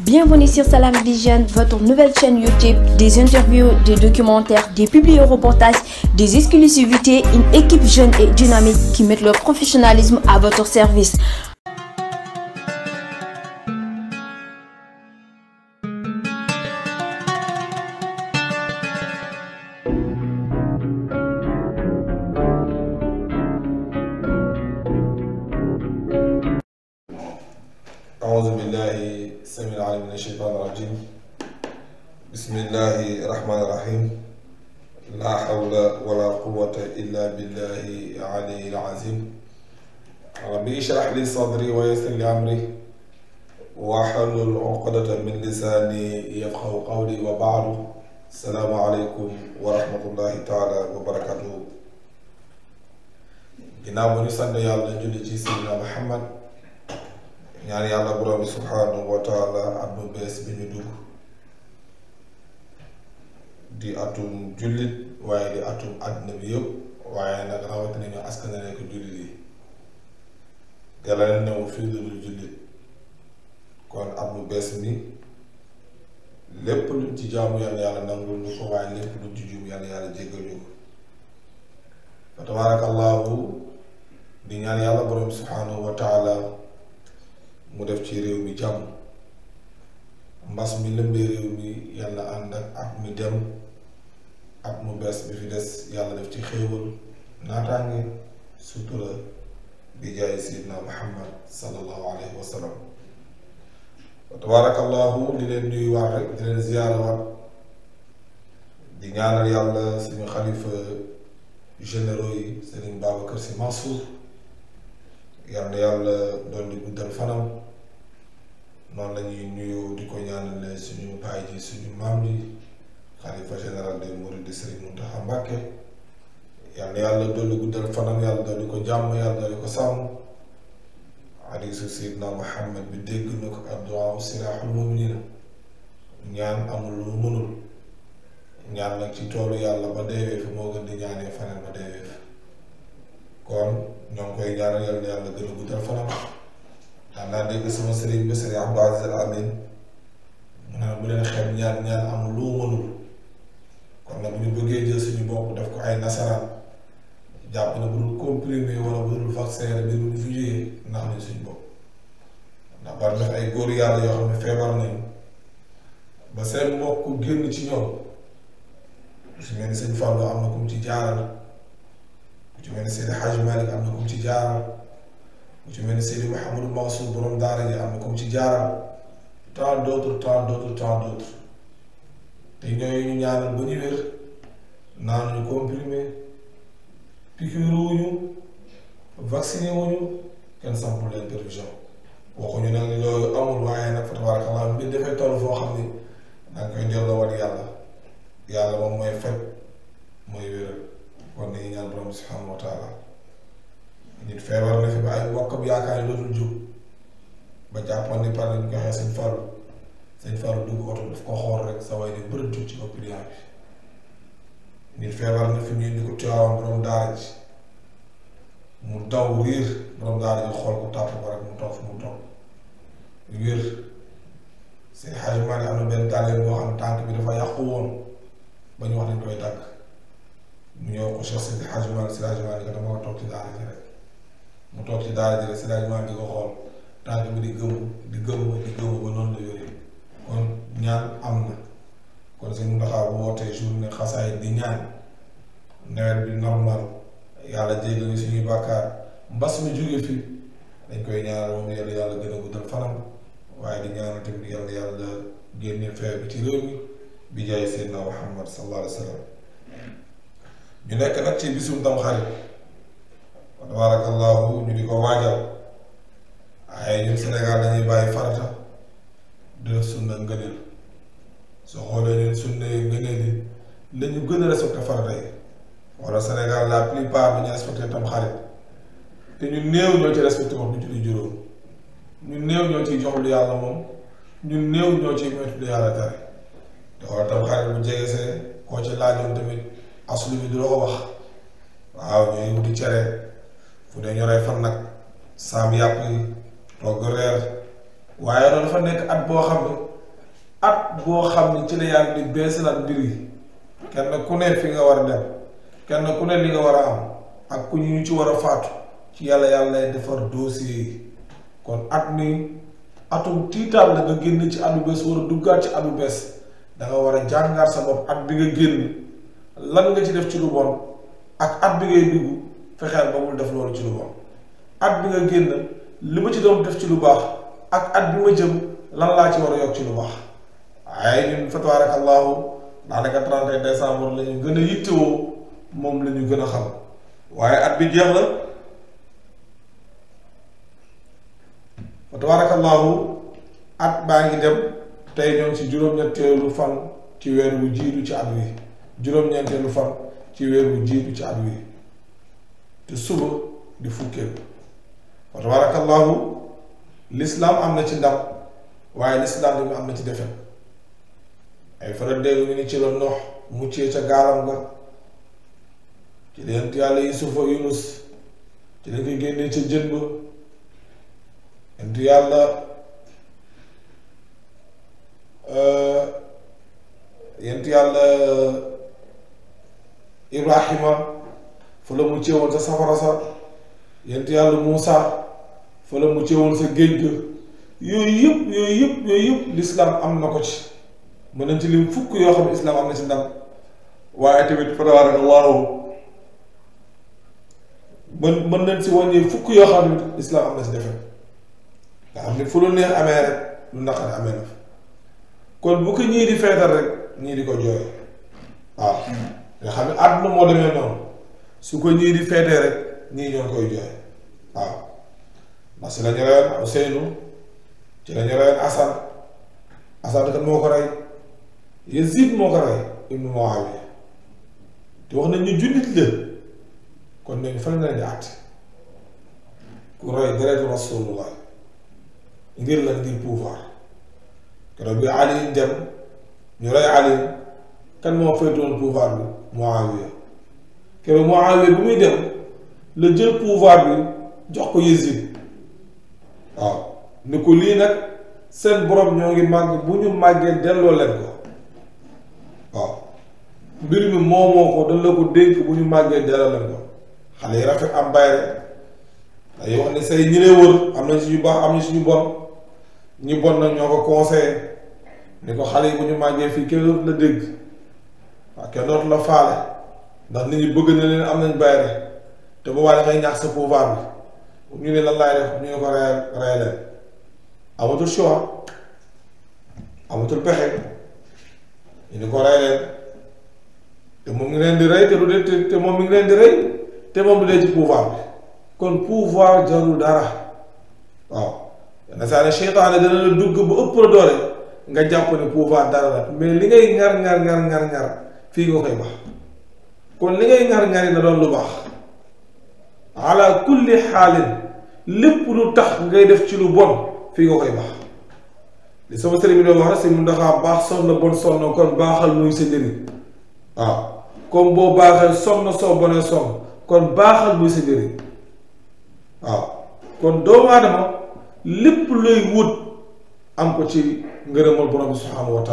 Bienvenue sur Salam Vision, votre nouvelle chaîne YouTube, des interviews, des documentaires, des publireportages, des exclusivités, une équipe jeune et dynamique qui met leur professionnalisme à votre service. العظيم ربي اشرح لي صدري ويسر لي أمري واحلل عقدة من لساني يفقه قولي وبعد السلام عليكم ورحمة الله تعالى وبركاته ginnaaw ba ñu sant yàlla julli ci Seydina Muhammad ñaan yàlla borom bi subhanahu wa taala at bu bees bi ñu dugg di atum jullit waaye di atum àddina bi yëpp waaye nag rawatina ñu askan ne ko jullit yi dala new fii lu dul jullit kon at mu bees mi lépp luñ ci jaamu yàlla yàlla nangul ko waaye di ñaan yàlla borom subhaanahu wa mu def ci réew mi jàmm mbas mi lëmbee réew mi yàlla ànd ak at mi dem at mu bees bi fi des yàlla def ci xéewal naataange sutura bi jaay sidna muhammad sallallahu alayhi wa sallam tabaarakallahu di leen nuyuwaat rek di leen ziyaarawaat di ñaanal yàlla suñu xalifa généraux yi Serigne Babacar Sy Mansour yal na yàlla doon di guddal fanam noonu la ñuy nuyoo di ko ñaanale suñu baay ji suñu maam ji xalifa général des mourides Serigne Mountakha Mbacké yàlla yàlla dolli guddal fanam yàlla dolli ko jàmm yàlla dolli ko sàmm hadiisu Seydina Muhammad bi dégg na ko adduwaa silaaxul mu'miniin ñaan amul lu mu ñaan nag ci toolu yàlla ba deewee fi moo gën di ñaanee faneen ba deewee fi kon ñoo koy ñaanal yàlla yàlla gën a guddal fanam daan naa dégg sama sëriñ bi sëriñ Abdou Aziz Amin mu ne bu leen xeeb ñaan ñaan amul lu mu kon nag bu ñu bëggee jël suñu bopp def ko ay nasaraan jàpp na bu dul comprimé wala bu dul vaccin la mbir mi fi jógee ndax nañ suñ bopp ndax bari na ay góor yàlla yoo xam ne feebar nañu ba seen mbokk génn ci ñoom ku ci mel ni sëñ Fallou am na ku mu ci jaaral ku ci mel ni Seydi am na ku mu ci jaaral ku ci mel ni Seydi Mouhamadou Mansour borom daara am na ku mu jaaral tant d'autres tant d'autres tant d'autres te ñooñu ñu ñaanal ba ñu wér naan ñu comprimé piqûre wuñu vacciné wuñu kenn sampul leen prévision waxuñu nag ni loolu amul waaye nag fa tabarakallah mbir dafay toll foo xam ni danga koy delloo war yàlla yàlla moom mooy faj mooy wéral kon dañuy ñaan borom subhanahu wa taala nit feebar na fi ba ay wokkab yaakaar yi dootul jóg ba jàppoon par dañ ko xee sëñ Fallou sëñ Fallou dugg oto daf ko xool rek nit feebar na fi mu indi ko Tiwaawan borom daara ji mu daw riir borom daara ji xool ko tàpp ko rek mu toog fu mu toog wér seen xarit maa am na benn tàlleen boo xam tànk bi dafa yàqu woon ba ñu wax ne mu ñëw ko Cheikh Seydi Hadji ko toog ci daara ji rek mu toog di ko xool tànk bi di gëm di gëm di la yore ñaan am na kon sëñ Muntaxa woote journée xasaay di ñaan nawet bi normal yàlla jéggal ñu suñuy bàkkaar mbas mi jóge fi dañ koy ñaanal moom yàlla yàlla gën a guddal fanam waaye di ñaanal tamit yàlla yàlla génne feebar bi ci bi jaay Seydina Muhammad sallallahu alayhi wa sallam ñu nekk nag ci bisum Tamxarit wa tabarakallahu ñu di ko waajal waaye ñun Sénégal dañuy bàyyi farata de sunna soo xoolee leen sunna yi ngëneel yi la ñu gën a respecté farata yi wala Sénégal la plupart du ñu respecté tam xarit te ñu néew ñoo ci respecté wax jox lu yàlla moom ñu néew ñoo xarit bu jege koo ci laajoon tamit aslu bi du la ko wax waaw ñooy wuti cere fu dee ñoree fan nag saam yàpp yi togg reer waaye dafa nekk at boo xam at boo xam ne ci la yàlla di beesalaat mbir yi kenn ku ne fi nga war a dem kenn ku ne li nga war a am ak ku ñu ci war a faatu ci yàlla yàlla lay defar dossier yi kon at mi atum tiitaal la nga génn ci at bu bees a duggaat ci bees da war a jàngaat sa bopp at bi nga génn lan nga ci def ci lu bon ak at bi ngay dugg fexeel ba mu def loolu ci lu bon at bi nga génn li ma ci doon def ci lu baax ak at bi ma jëm lan laa ci war a yokk ci lu baax. waaye ñun fa tabaarakallaahu daanaka 31 décembre la ñu gën a yittewoo moom la gën a xam waaye at bi jeex la fa tabaarakallaahu at baa ngi dem tey ñoom ci juróom-ñetteelu fan ci weer wu jiitu ci at wi juróom-ñeenteelu fan ci weer wu jiitu ci at wi te suba di fukkeel fa tabaarakallaahu lislaam am na ci ndam waaye lislaam bi mu am na ci defet ay faral dégg ni ci la noox muccee ca gaalam ga ci la yent yàlla yusufa yunus ci la koy génnee ca jën ba yàlla euh, euh, ibrahima fa la muccee woon sa safara sa yent yàlla muusa fa la muccee woon sa géej yooyu yëpp yooyu yëpp yooyu am na ko ci mën nañ ci fukk yoo xam ne islam am na si ndam waaye tamit fatabaarakallaahu mën mën nañ si wàññi fukk yoo xam ne islam am na si defe nga xam ne fu lu neex amee rek lu naqari amee na kon bu ko ñii di feetal rek ñii di ko jooy waaw nga xam ne àdduna moo demee noonu su ko ñii di feetee rek ñii ñoo koy jooy waaw ndax si la ñu reyoon Ousseynou ci la ñu reyoon Assane moo ko rey Yazid moo ko rey ibnu Muawiya te wax nañ ñu jullit la kon nañu fan la ñu àtte ku rey deretu rasulullah ngir la ngir pouvoir keroog bi Ali dem ñu rey Ali kan moo féetoon pouvoir bi Muawiya keroog Muawiya bu muy dem la jël pouvoir bi jox ko Yazid waaw ni ko lii nag seen borom ñoo ngi màgg bu ñu màggee delloo leen mbir mi moomoo ko dañ la ko dénk bu ñu màggee jaral la ko xale yi rafet am bayre day yoo xam say ñi lay wër am nañ si baax am na si ñu bon ñu bon nag ñoo ko conseillé ni ko xale yi bu ñu màggee fii kenn dootu la dégg waaw kenn dootu la faale ndax nit ñi bëgg na leen am nañ bayre te boobaa dafay ñaax sa pouvoir bi ñu ne lan laay def ñu ne ko rey rey leen amatul choix amatul pexe ñu ne ko rey leen te moom ngi leen di rey te te moom mi ngi leen di rey te moom du dee ci pouvoir bi kon pouvoir jarul dara waaw yenn saa ne seytaane dana la dugg ba ëpp la nga jàpp ne pouvoir dara la mais li ngay ngar ngar ngar fii nga koy baax kon li ngay ngar ngari na doon lu baax ala kulli xaalin lépp lu tax ngay def ci lu bon fii nga koy baax li sama sëriñ bi doon wax rek si mun daxaa baax sonn bon sonn kon baaxal muy sa njëriñ waaw comme boo baaxee som na soo bonee som kon baaxal muy sa njëriñ waaw kon doomu aadama lépp luy wut am ko ci ngërëmal borom bi subhaanahu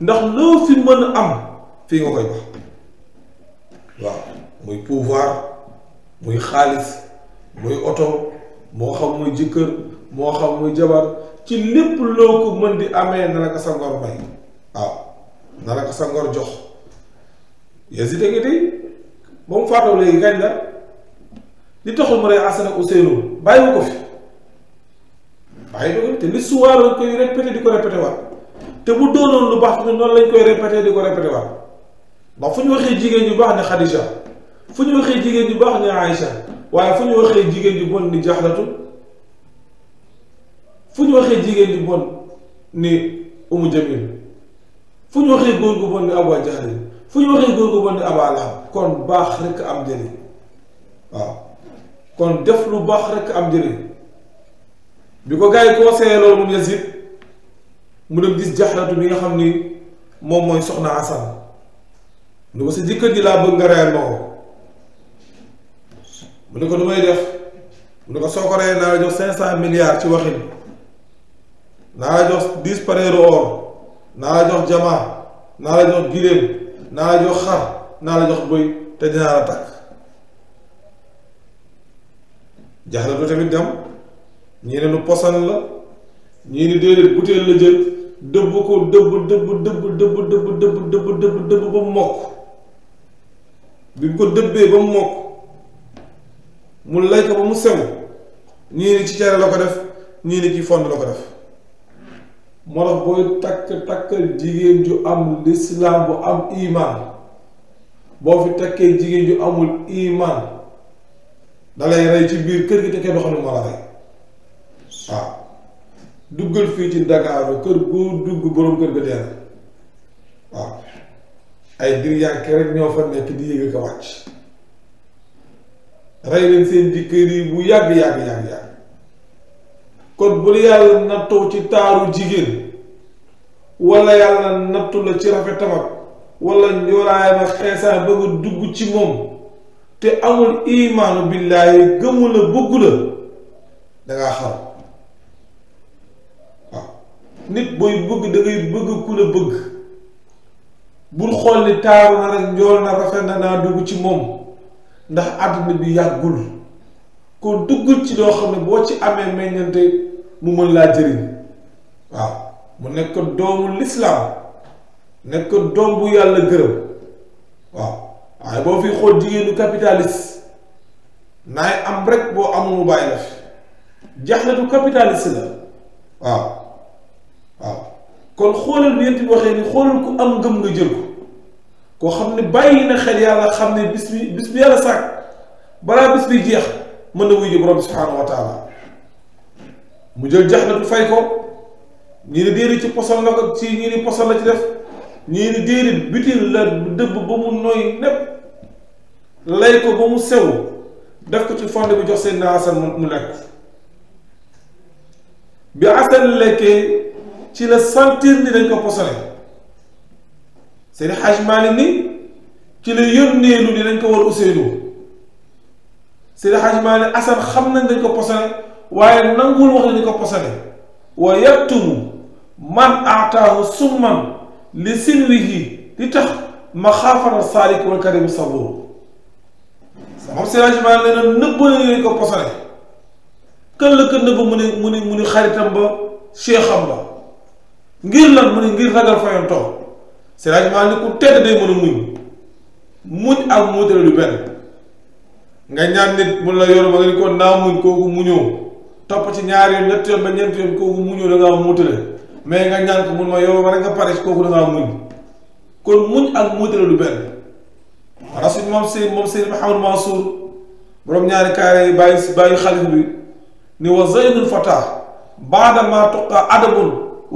ndax loo fi mën am fii nga koy wax waaw muy pouvoir muy xaalis muy oto moo xam muy jëkkër moo xam muy jabar ci lépp loo ko mën di amee na la sa ngor may waaw na la sa ngor jox Yazid ngi di ba mu faatoo léegi kañ la li taxul mu rey Assane ak Ousseynou bàyyiwu ko fi bàyyi ko te li suwaar lañ koy répété di ko répété waat te bu doonoon lu baax noonu lañ koy répété di ko répété waat ndax fu ñu waxee jigéen ñu baax ne Khadija fu ñu waxee jigéen ñu baax ne Aïcha waaye fu ñu waxee jigéen ñu bon ni jaxlatu fu ñu waxee jigéen ñu bon ni Umu Jamil fu ñu waxee góor gu bon ni Abu Jahl fu ñu waxee góor gu mën di abaa lahab kon baax rekk am njëriñ waaw kon def lu baax rekk am njëriñ bi ko gars yi conseillé loolu moom Yazid mu dem gis jaxratu bi nga xam ni moom mooy soxna Asan lu ko sa jëkkër ji laa bëgg nga reyal ma mu ne ko du def mu ne ko soo ko reyee naa la jox cinq cent milliards ci waxin naa la jox dix pareeru naa la jox jamaa naa la jox giléem naa la jox xar naa la jox bëy te dinaa la takk jaxle du tamit dem ñii posan la ñii déedéet butéel la jël dëbb ko dëbb dëbb dëbb dëbb dëbb dëbb dëbb dëbb dëbb ba mu mokk bi mu ko dëbbee ba mu mokk mu lay ko ba mu sew ñii ci cere la ko def ñii ci fond la ko def moo tax booy takk takkal jigéen ju am lislaam bu am iman boo fi takkee jigéen ju amul iman dalay rey ci biir kër gi te kenn du xam ne la rey waaw duggal fii ci Dakar kër goo dugg boroom kër ga dee na waaw ay dir rek ñoo fa nekk di yéeg ak wàcc rey leen seen jëkkër yi bu yàgg yàgg yàgg yàgg kon bu la yàlla nattoo ci taaru jigéen wala yàlla nattu la ci rafetam ak wala njoolaayam ak xeesaay dugg ci moom te amul imaanu billaahi gëmu la bëggu la dangaa xam nit booy bëgg da bëgg ku la bëgg bul xool ni taaru na rek njool na rafet na naa dugg ci moom ndax àdduna bi yàggul kon duggul ci loo xam ne boo ci amee meññante mu mën laa jëriñ waaw mu nekk doomu lislaam nekk doom bu yàlla gërëm waaw waaye boo fi xool jigéenu capitaliste naay am rek boo amul mu bàyyi la fi jaaxle la kon xoolal bi yéen waxee ni xoolal ku am ngëm nga jël ko xam ne bàyyi na xel yàlla xam ne bis bi bis bi yàlla sàkk balaa bis bi jeex mën na wuyu ji borom subhaanahu wa mu jël jax na fay ko ñii ni déeri ci poson la ko ci ñii ni poson la ci def ñii la dëbb ba mu noy népp lay ko ba mu sew def ko ci fonde bi jox seen na asan mu lekk bi asan lekkee ci la sentir ni dañ ko posone seen xaj maalik ni ci la yónneelu ni dañ ko war Ousseynou seen xaj maalik asan xam nañ dañ ko posone waaye nanguwul wax ne ko posone wa yaktumu man aataahu summan li sirrihi li tax maxaafata saalik wal karim sabuur moom Siraj Maane nee na nëbbu ko posone kan la ko nëbb mu ni mu ni mu ni xaritam ba ngir lan mu ni ngir ragal fayantoo Siraj Maane ni ku tedd day mën a muñ muñ ak muutale lu benn nga ñaan nit mu la yor ba nga muñ kooku muñoo topp ci ñaari yoon ñetti yoon ba ñeenti yoon kooku muñoo da ngaa muutale nga ñaan ko mun ma yow war nga pare kooku da muñ kon muñ ak muutale lu benn rasul moom sëy moom sëy Mahamad Mansour borom ñaari kaare yi bàyyi bàyyi xalif bi ni wa zeynul fata baada ma tuqa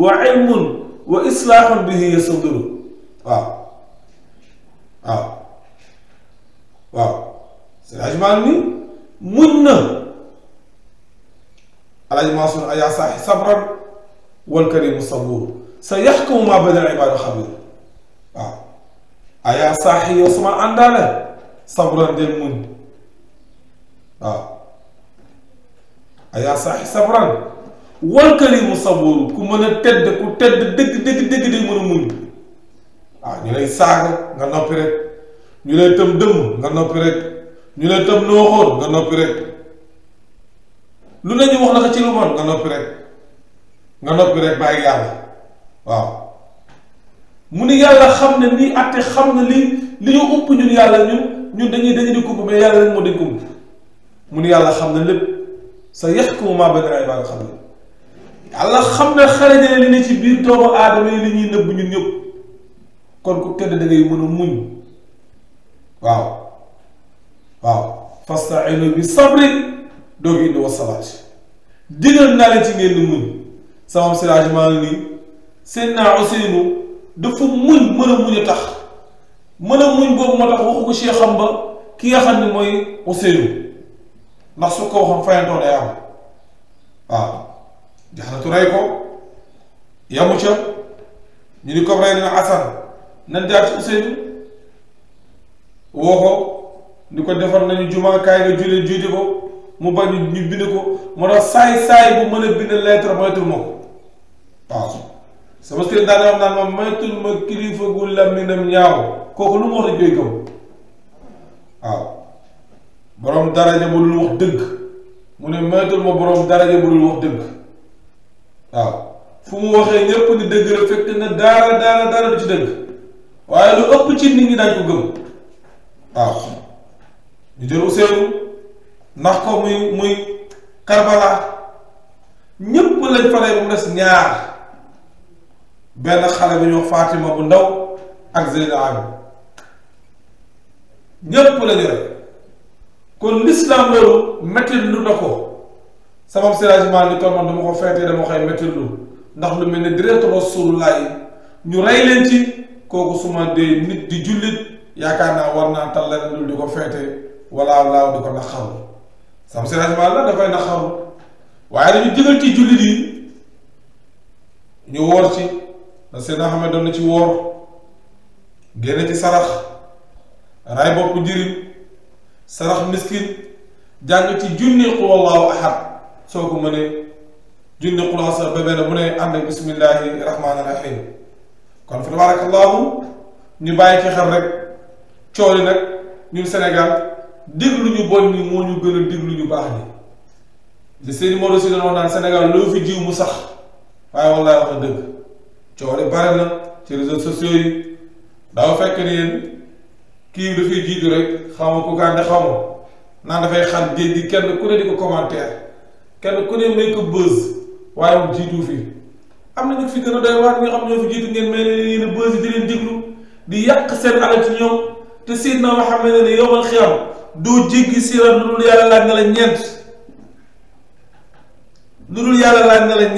wa ilmun wa islahun bihi yasduru waaw waaw waaw c'est ni muñ na alaaji Mansour ayaa saaxi sabran wal karimu sabuur sa yaxkumu maa bayna ayaa saaxi yow sama sabran del muñ ayaa saaxi sabran wal karimu ku mën a tedd ku tedd dëgg dëgg dëgg day muñ waaw ñu lay saaga nga noppi rek ñu lay tëm dëmm nga noppi rek lay tëm nooxoor nga noppi lu ne ñu wax la ko ci lu bon nga noppi rek nga noppi rek bàyyi yàlla waaw mu ni yàlla xam ne nii àtte xam ne li li ñu upp ñun yàlla ñun ñun dañuy dañu di kumb mais yàlla rek moo di mu ni yàlla xam ne lépp sa yaxkumu maa bayna ibaad xam ne yàlla xam ne xale ne li ne ci biir doomu aadama li ñuy nëbb ñun ñëpp kon ku tedd da ngay muñ waaw waaw fasta'iinu bi sabri doo gi indi wasalaat digal naa leen ci ngeen muñ sama siraaj nii seen naa Ousseynou dafa muñ mën a muñ a tax mën a muñ boobu moo tax waxu ko Cheikh ba ki nga xam ne mooy Ousseynou ndax su ko waxoon fayantoo day am waaw jaxlatu rey ko yamu ca ñu ni ko rey na asan nan jaar ci Ousseynou woo ko ni ko defar nañu jumaa kaay nga julli juuti ko mu bañ ñu bind ko moo tax saay-saay bu mën a bind lettre moytul ma ko waaw sama sëriñ daal wax naan ma moytul ma kilifa gu laminam ñaaw kooku lu mu wax la kaw waaw borom daraja bu dul wax dëgg mu ne moytul ma boroom daraja bu dul wax dëgg waaw fu mu waxee ñépp ni dëgg la fekk na daara daara daara du ci dëgg waaye lu ëpp ci nit ñi daañ ko gëm waaw ñu jël Ousseynou ndax ko muy muy Karbala ñëpp lañ fa rey mu des ñaar benn xale bu ñoo Fatima bu ndaw ak Zeynab ñëpp lañu rey kon lislaam loolu mettit lu na ko sabab séragement ni tolman dama ko feetee dama koy mettit lu ndax lu mel ni direct rasulullah yi ñu rey leen ci kooku suma dee nit di jullit yaakaar naa war naa tal leneen lu di ko feete walla laaw di ko naqaru sam siragement la dafay naxaru waaye dañu digal ci jullit yi ñu woor ci parce que na xam ne na ci woor génne ci sarax ray bopp jirim sarax miskin jàng ci junni qul allahu ahad soo ko mënee junni qul asa bébé na bu ne ànd ak bismillahi rahmaani kon fa tabaarakallahu ñu bàyyi ci rek cooli nag ñun Sénégal déglu ñu bon ñi moo ñu gën a déglu ñu baax ñi li Seydou Maodo si doon wax naan Sénégal loo fi jiw mu sax waaye wallaay wax a dëgg coore bare ci réseaux sociaux yi daaw fekk ni yéen kii dafay jiitu rek xaw ma ku gànde xaw ma naan dafay xar kenn ku ne di ko commentaire kenn ku ne may ko buzz waaye mu jiitu fi am na ñu fi gën a doy waar ñoo xam ñoo fi jiitu ngeen mel ne yéen a buzz di leen déglu di yàq seen alal ci ñoom te Seydina Muhammad ne yowmal xiyam doo jéggi sirat lu dul yàlla laaj na la ñeent lu dul yàlla laaj na la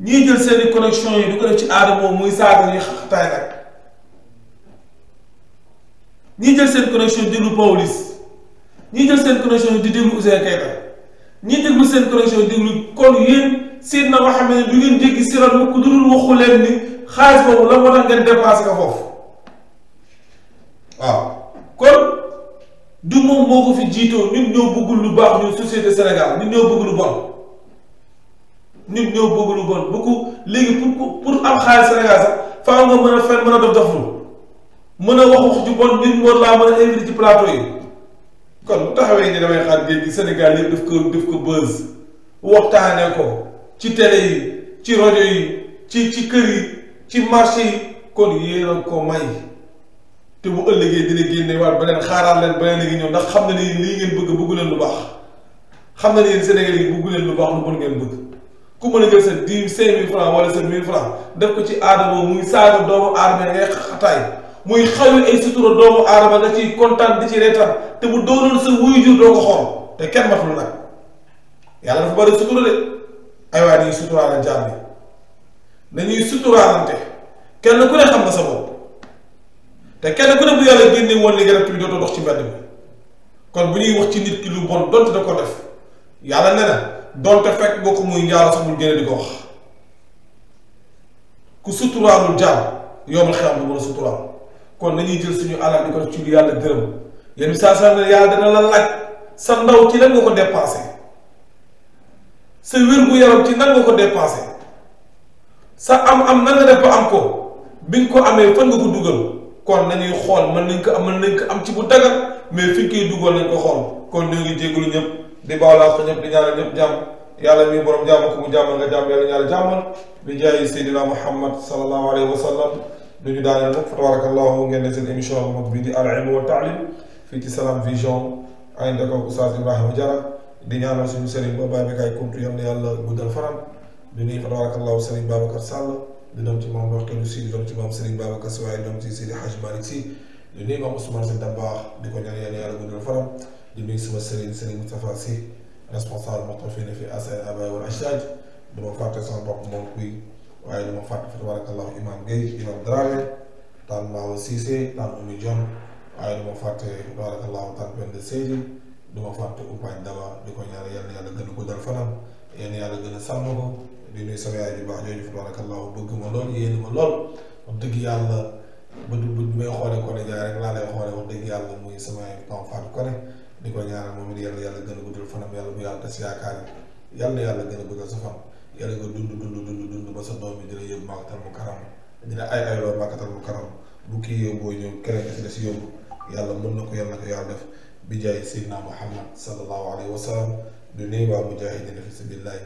ñii jël seeni connexion yi du ko def ci aada moom muy saaga ñuy xaxataay nag ñii jël seen connexion di déglu Pawlish ñii jël seen connexion di déglu Ouzin Keita ñii seen connexion di déglu kon yéen seen na nga xam ne du ngeen jéggi sirat mu ku dul waxu leen ni xaalis boobu la moo tax ngeen dépassé ko foofu waaw kon du moom moo ko fi jiitoo ñun ñoo bëggul lu baax ñun société Sénégal ñun ñoo bëgg lu bon ñun ñoo bëgg lu bon beaucoup léegi pour pour am xaalis Sénégal sax faaw nga mën a fen mën a dof doflu mën a wax wax ju bon ñun moo laa mën a invité ci plateau yi kon bu taxawee ni damay xaar géej Sénégal yëpp daf ko daf ko buzz waxtaanee ko ci télé yi ci rajo yi ci ci kër yi ci marché yi kon yéen a ko may. te bu ëllëgee dina génne waat beneen xaaraat leen beneen a ngi ñëw ndax xam na ni lii ngeen bëgg bëggu leen lu baax xam na ni yéen Sénégal yi bëggu leen lu baax lu bon ngeen bëgg ku mën a jël sa dix cinq mille francs wala sa mille francs def ko ci aadama muy saaga doomu aadama ngay xataay muy xawi ay sutura doomu aadama nga ciy kontaan di ci reetaan te bu doonoon sa wuyu jur doo te kenn matul nag yàlla dafa bari sutura de ay waay dañuy suturaalante jàmm kenn ku ne xam nga sa bopp te kenn ku ne bu yàlla génne woon li nga def dootoo dox ci mbedd mi kon bu ñuy wax ci nit ki lu bon donte da ko def yàlla ne donte fekk boo ko muy yàlla sax mu génne di ko wax ku suturaalul jaam yombal xelam du mën a suturaal kon nañuy jël suñu alal di ko ci lu yàlla gërëm yenn sa saa ne yàlla dana sa ndaw ci lan nga ko dépensé sa wér gu yaram ci nan nga ko dépensé sa am am nan nga def ba am ko bi nga ko amee fan nga ko dugal kon nañuy xool man nañ ko am mën am ci bu dagal mais fi ñu koy dugal nañ ko xool kon ñoo ngi jégalu ñëpp di baalaas ko di ñaanal ñëpp jàmm mi borom jàmm ko mu jàmmal nga jàmm yàlla ñaari jàmmal bi jaay seydina muhammad sallallahu alayhi wa lu ñu daaneel nag fa tabarakallahu ngeen ne seen émission bu mag bi di al ilm wa taalim fii ci Salam Vision ànd ak Oustaz Ibrahima Diarra di ñaanal suñu sëriñ ba Babacar Kounta yam na yàlla guddal faram di nuyu fa tabarakallahu sëriñ Babacar Sall di doom ci maam Mbacké Sy di doom ci maam Serigne Babacar Sy waaye doom ci Seydi Hadj Malick Sy di nuyu maam Ousmane Sy Dabakh di ko ñaan yàlla yàlla guddal faram di nuyu sama Serigne Serigne Moustapha Sy responsable muqtafina fi asal abay wal ashdad du ma fàtte sama bopp moom kuy waaye du ma fàtte fa tabarakallahu imam Guèye imam Dramé taan Maawa Cissé taan Oumy Dione waaye du ma fàtte tabarakallahu taan Penda Seydi ma fàtte Umpaañ Daba di ko ñaan yàlla yàlla gën a guddal faram yéen yàlla gën di nuyu sama yaay bu baax jooju fa barakallahu bëgg ma lool yéen ma lool wax dëgg yàlla bët bët bi may xoolee Koné Ndiaye yàlla muy sama pamphane Koné di ko yàlla yàlla gën a guddal fanam yàlla yàlla tas yaakaar yi yàlla yàlla gën a bëggal sa fan yàlla nga ba sa doom bi dina yóbbu màkkatal mu karam dina ay ay loo màkkatal mu karam bu kii yóbboo ñëw keneen si des yóbbu yàlla na ko yàlla na ko yàlla def bi jaay Seydina Muhammad sallallahu alayhi wa sallam du nuyu waa mujahidina fi sabilillah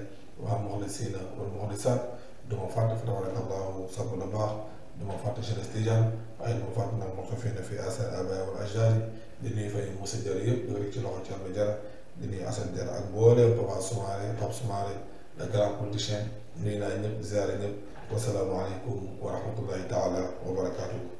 waa muxlisiina wal muxlisaat duma fàtte fa tabarakallahu sabula baax duma fàtte jeunesse tijaan waaye duma fàtte nag moo ko fii ne fii asar abaya wal ajdaari di nuyu fay Moussa Diarra yëpp loxo Thierno Diarra di nuyu Assane Diarra ak mbooleem Papa Soumaré Pape Soumaré le grand politicien nuyu naa ñëpp ziare ñëpp wasalaamualeykum wa rahmatullahi taala wa